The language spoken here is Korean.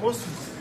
Mostra.